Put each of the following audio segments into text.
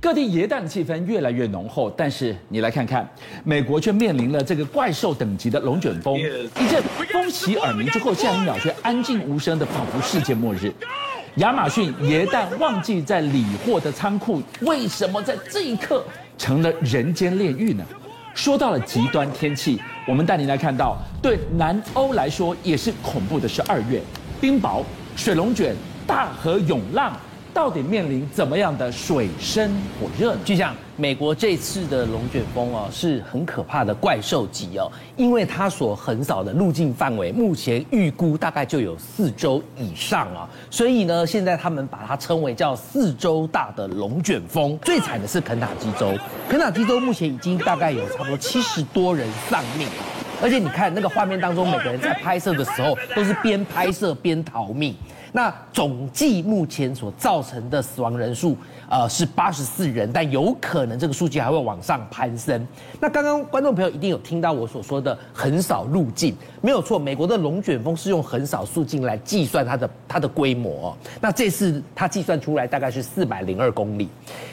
各地耶誕的氣氛越來越濃厚，但是你來看看，美國卻面臨了這個怪獸等級的龍捲風。一陣風襲耳鳴之後，下一秒卻安靜無聲的，仿佛世界末日。亞馬遜耶誕旺季在理貨的倉庫，為什麼在這一刻成了人間煉獄呢？說到了極端天氣，我們帶您來看到，對南歐來說也是恐怖的十二月，冰雹、水龍卷、大河湧浪。到底面臨怎麼樣的水深火熱呢？就像美國這次的龍捲風哦，是很可怕的怪獸級哦，因為它所橫掃的路徑範圍，目前預估大概就有四州以上啊，所以呢，現在他們把它稱為叫四州大的龍捲風。最慘的是肯塔基州，肯塔基州目前已經大概有差不多七十多人喪命，而且你看那個畫面當中，每個人在拍攝的時候都是邊拍攝邊逃命。那總計目前所造成的死亡人數，呃，是八十四人，但有可能這個數據還會往上攀升。那剛剛觀眾朋友一定有聽到我所說的橫掃路徑，沒有錯，美國的龍捲風是用橫掃路徑來計算它的它的規模。那這次它計算出來大概是四百零二公里。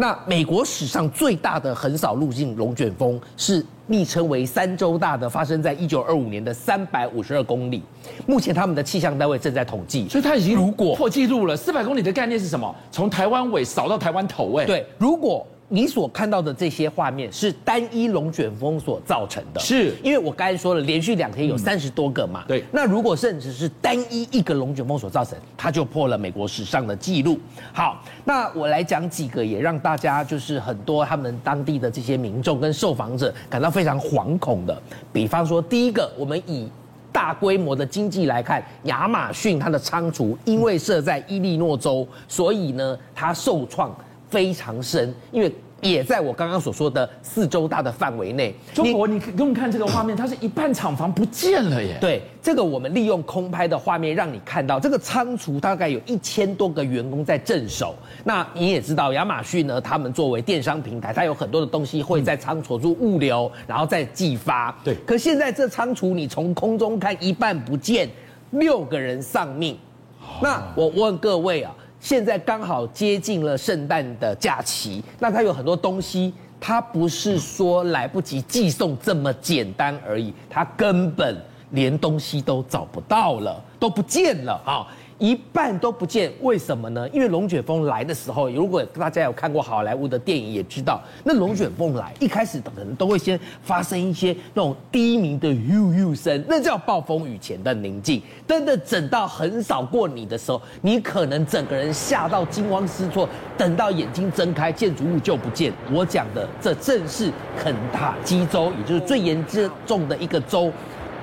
那美國史上最大的橫掃路徑龍捲風是昵稱為三州大的，發生在一九二五年的三百五十二公里。目前他們的氣象單位正在統計，所以它已經破紀錄了。如果，四百公里的概念是什麼？從台灣尾掃到台灣頭，誒。對，如果。你所看到的這些畫面是單一龍捲風所造成的，是因為我剛才說了，連續兩天有三十多個嘛。對，那如果甚至是單一一個龍捲風所造成，它就破了美國史上的記錄。好，那我來講幾個，也讓大家就是很多他們當地的這些民眾跟受訪者感到非常惶恐的。比方說，第一個，我們以大規模的經濟來看，亞馬遜它的倉儲因為設在伊利諾州，所以呢它受創。非常深，因為也在我剛剛所說的四周大的範圍內。中博你給我們看這個畫面，它是一半廠房不見了耶。對，這個我們利用空拍的畫面讓你看到，這個倉儲大概有一千多個員工在鎮守。那你也知道，亞馬遜呢，他們作為電商平台，它有很多的東西會在倉儲做物流，嗯、然後再寄發。對。可現在這倉儲你從空中看一半不見，六個人喪命。哦、那我問各位啊。現在剛好接近了聖誕的假期，那他有很多東西，他不是說來不及寄送這麼簡單而已，他根本連東西都找不到了，都不見了啊！一半都不見，為什麼呢？因為龍捲風來的時候，如果大家有看過好萊塢的電影，也知道那龍捲風來一開始都可能都會先發生一些那種低迷的嗚嗚聲，那叫暴風雨前的寧靜。真的整到橫掃過你的時候，你可能整個人嚇到驚慌失措。等到眼睛睜開，建築物就不見。我講的這正是肯塔基州，也就是最嚴重的一個州。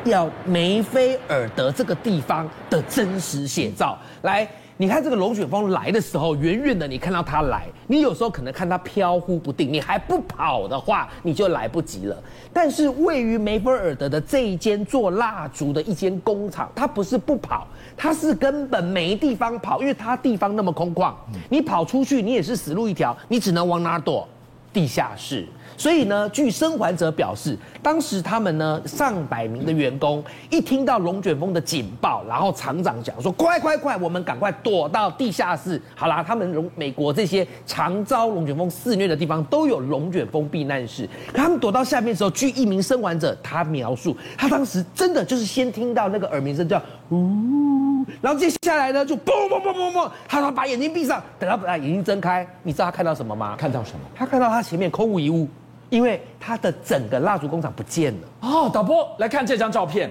要梅菲爾德這個地方的真實寫照。來，你看這個龍捲風來的時候，遠遠的你看到它來，你有時候可能看它飄忽不定，你還不跑的話，你就來不及了。但是位於梅菲爾德的這一間做蠟燭的一間工廠，它不是不跑，它是根本沒地方跑，因為它地方那麼空曠，你跑出去你也是死路一條，你只能往哪兒躲？地下室，所以呢，據生還者表示，當時他們呢上百名的員工一聽到龍捲風的警報，然後廠長講說，快快快，我們趕快躲到地下室。好啦，他們龍、美國這些常遭龍捲風肆虐的地方都有龍捲風避難室。他們躲到下面的時候，據一名生還者他描述，他當時真的就是先聽到那個耳鳴聲，叫嗚。然後接下來呢，就嘣嘣嘣嘣嘣，他說把眼睛閉上，等到把眼睛睜開，你知道他看到什麼嗎？看到什麼？他看到他前面空無一物，因為他的整個蠟燭工廠不見了。哦，導播來看這張照片，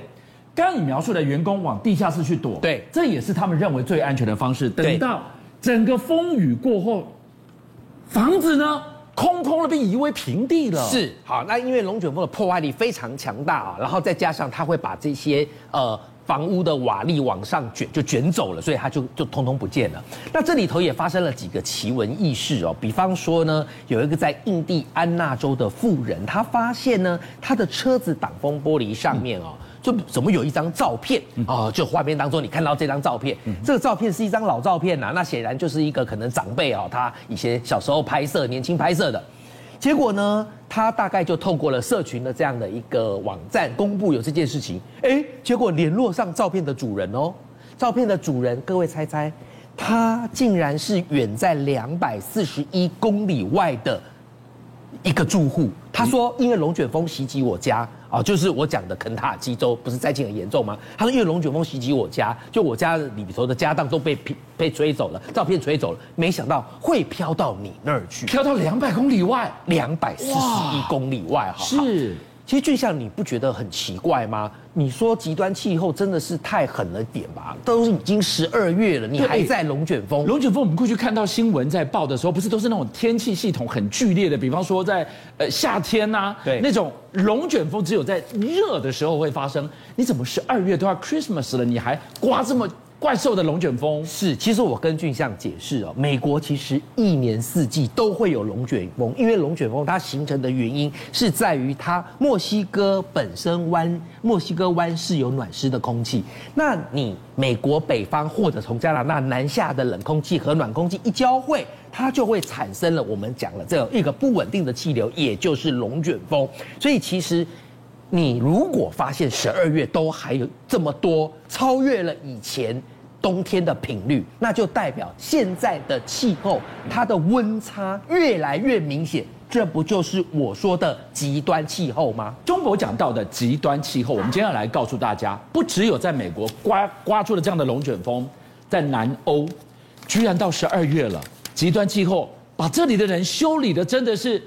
剛剛你描述的員工往地下室去躲，對，這也是他們認為最安全的方式。對等到整個風雨過後，房子呢空空的被夷為平地了。是，好，那因為龍捲風的破壞力非常強大啊，然後再加上他會把這些呃。房屋的瓦礫往上卷，就卷走了，所以它就就通通不見了。那這裡頭也發生了幾個奇聞異事哦，比方說呢，有一個在印第安納州的富人，他發現呢，他的車子擋風玻璃上面哦，就怎麼有一張照片哦？就畫面當中，你看到這張照片，這個照片是一張老照片啊。那顯然就是一個可能長輩哦，他以前小時候拍攝、年輕拍攝的。結果呢，他大概就透過了社群的這樣的一個網站公布有這件事情，誒，結果聯絡上照片的主人哦，照片的主人，各位猜猜，他竟然是遠在兩百四十一公里外的。一個住戶，他說，因為龍捲風襲擊我家，啊，就是我講的肯塔基州不是災情很嚴重嗎？他說，因為龍捲風襲擊我家，就我家裡頭的家當都被被吹走了，照片吹走了，沒想到會飄到你那兒去，飄到兩百公里外，兩百四十一公里外，哈哇，好好，是。其實，俊相你不覺得很奇怪嗎？你說極端氣候真的是太狠了點吧？都已經十二月了，你還在龍捲風？龍捲風，我們過去看到新聞在報的時候，不是都是那種天氣系統很劇烈的？比方說在呃夏天吶、啊，對，那種龍捲風只有在熱的時候會發生。你怎麼十二月都要 Christmas 了，你還颳這麼？怪獸的龍捲風是，其實我跟俊相解釋哦，美國其實一年四季都會有龍捲風，因為龍捲風它形成的原因是在於它墨西哥本身灣，墨西哥灣是有暖濕的空氣，那你美國北方或者從加拿大南下的冷空氣和暖空氣一交匯，它就會產生了我們講了這樣一個不穩定的氣流，也就是龍捲風。所以其實你如果發現十二月都還有這麼多，超越了以前。冬天的頻率，那就代表現在的氣候，它的溫差越來越明顯。這不就是我說的極端氣候嗎？中國講到的極端氣候，我們今天要來告訴大家，不只有在美國颳颳出了這樣的龍捲風，在南歐，居然到十二月了，極端氣候把這裡的人修理的真的是。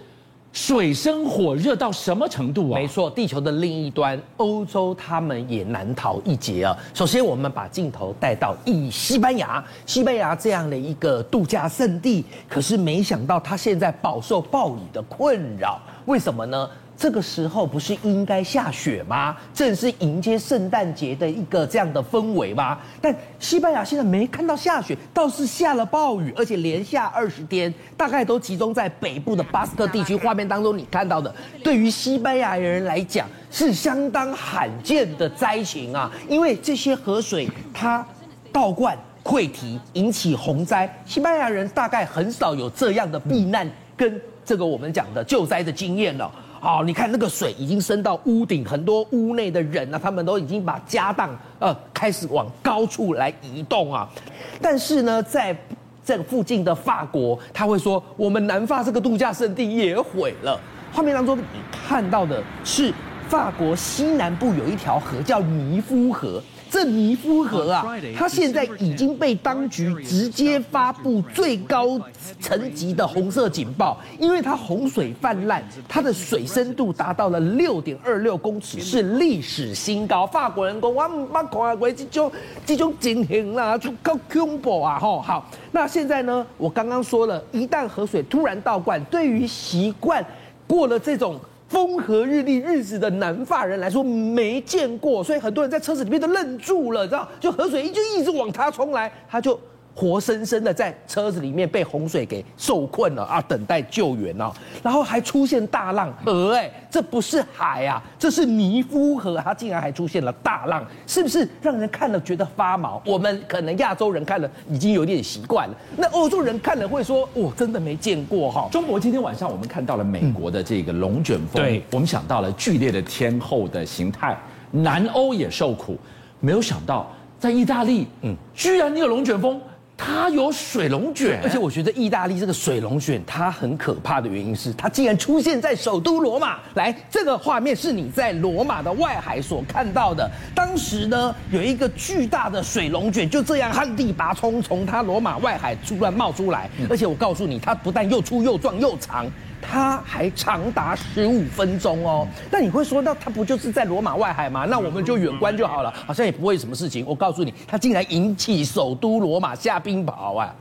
水深火熱到什麼程度啊？沒錯，地球的另一端，歐洲他們也難逃一劫啊。首先，我們把鏡頭帶到一西班牙，西班牙這樣的一個度假勝地，可是沒想到他現在飽受暴雨的困擾，為什麼呢？這個時候不是應該下雪嗎？正是迎接聖誕節的一個這樣的氛圍嗎？但西班牙現在沒看到下雪，倒是下了暴雨，而且連下二十天，大概都集中在北部的巴斯克地區。畫面當中你看到的，對於西班牙人來講是相當罕見的災情啊！因為這些河水它倒灌潰堤，引起洪災。西班牙人大概很少有這樣的避難跟這個我們講的救災的經驗了、哦。好、哦，你看那個水已經升到屋頂，很多屋內的人呢、啊，他們都已經把家當呃開始往高處來移動啊。但是呢，在這附近的法國，他會說，我們南法這個度假勝地也毀了。畫面當中你看到的是法國西南部有一條河叫尼夫河。這尼夫河啊，它現在已經被當局直接發布最高層級的紅色警報，因為它洪水氾濫，它的水深度達到了六點二六公尺，是歷史新高。法國人講，我沒看這種這種啊，危機就集中警警啦，就高恐怖啊吼。好，那現在呢，我剛剛說了，一旦河水突然倒灌，對於習慣過了這種。風和日麗日子的南法人來說沒見過，所以很多人在車子裡面都愣住了，你知道？就河水就一直往他衝來，他就。活生生的在車子裡面被洪水給受困了啊，等待救援呢。然後還出現大浪呃，哎，這不是海啊，這是尼夫河，它竟然還出現了大浪，是不是讓人看了覺得發毛？我們可能亞洲人看了已經有點習慣了，那歐洲人看了會說，我真的沒見過哈。哦、中博今天晚上我們看到了美國的這個龍捲風，嗯、對，我們想到了劇烈的天候的形態。南歐也受苦，沒有想到在意大利，嗯，居然也有龍捲風。它有水龍捲，而且我覺得意大利這個水龍捲它很可怕的原因是，它竟然出現在首都羅馬。來，這個畫面是你在羅馬的外海所看到的。當時呢，有一個巨大的水龍捲就這樣旱地拔蔥，從它羅馬外海突然冒出來。而且我告訴你，它不但又粗又壯又長，它還長達十五分鐘哦。那你會說，那它不就是在羅馬外海嗎？那我們就遠觀就好了，好像也不會什麼事情。我告訴你，它竟然引起首都羅馬下。冰雹啊，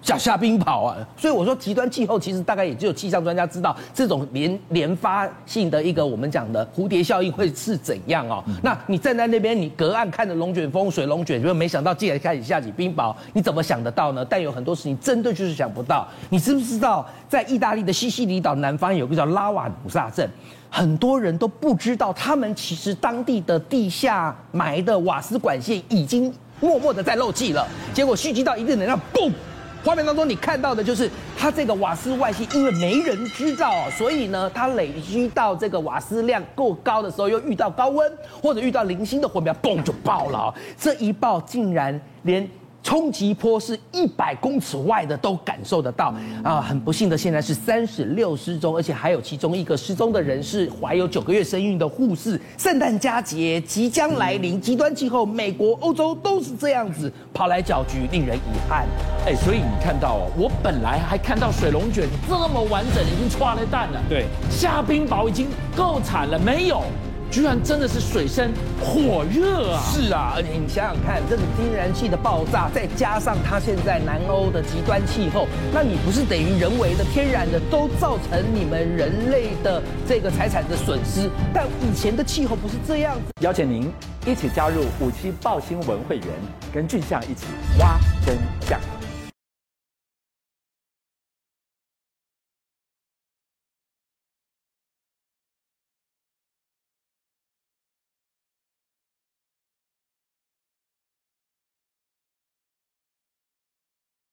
下下冰雹啊！所以我說，極端氣候其實大概也只有氣象專家知道這種連連發性的一個我們講的蝴蝶效應會是怎樣哦。嗯、那你站在那邊，你隔岸看着龍捲風水、水龍捲，就沒，沒想到竟然開始下起冰雹，你怎麼想得到呢？但有很多事情真的就是想不到。你知不知道，在意大利的西西里島南方有個叫拉瓦努薩鎮，很多人都不知道，他們其實當地的地下埋的瓦斯管線已經。默默的在漏氣了，結果蓄積到一定能量，嘣！畫面當中你看到的就是它這個瓦斯外泄，因為沒人知道，所以呢，它累積到這個瓦斯量夠高的時候，又遇到高溫或者遇到零星的火苗，嘣就爆了喔。這一爆竟然連，衝擊波是一百公尺外的都感受得到啊！很不幸的，現在是三十六失蹤，而且還有其中一個失蹤的人是懷有九個月身孕的護士。聖誕佳節即將來臨，極端氣候，美國、歐洲都是這樣子跑來攪局，令人遺憾。哎，所以你看到哦、喔，我本來還看到水龍捲這麼完整，已經唰了蛋了。對，下冰雹已經夠慘了，沒有。居然真的是水深火熱啊！是啊，而且你想想看，這個天然氣的爆炸，再加上它現在南歐的極端氣候，那你不是等於人為的、天然的都造成你們人類的這個財產的損失？但以前的氣候不是這樣子。邀請您一起加入五七爆新聞會員，跟俊相一起挖真相。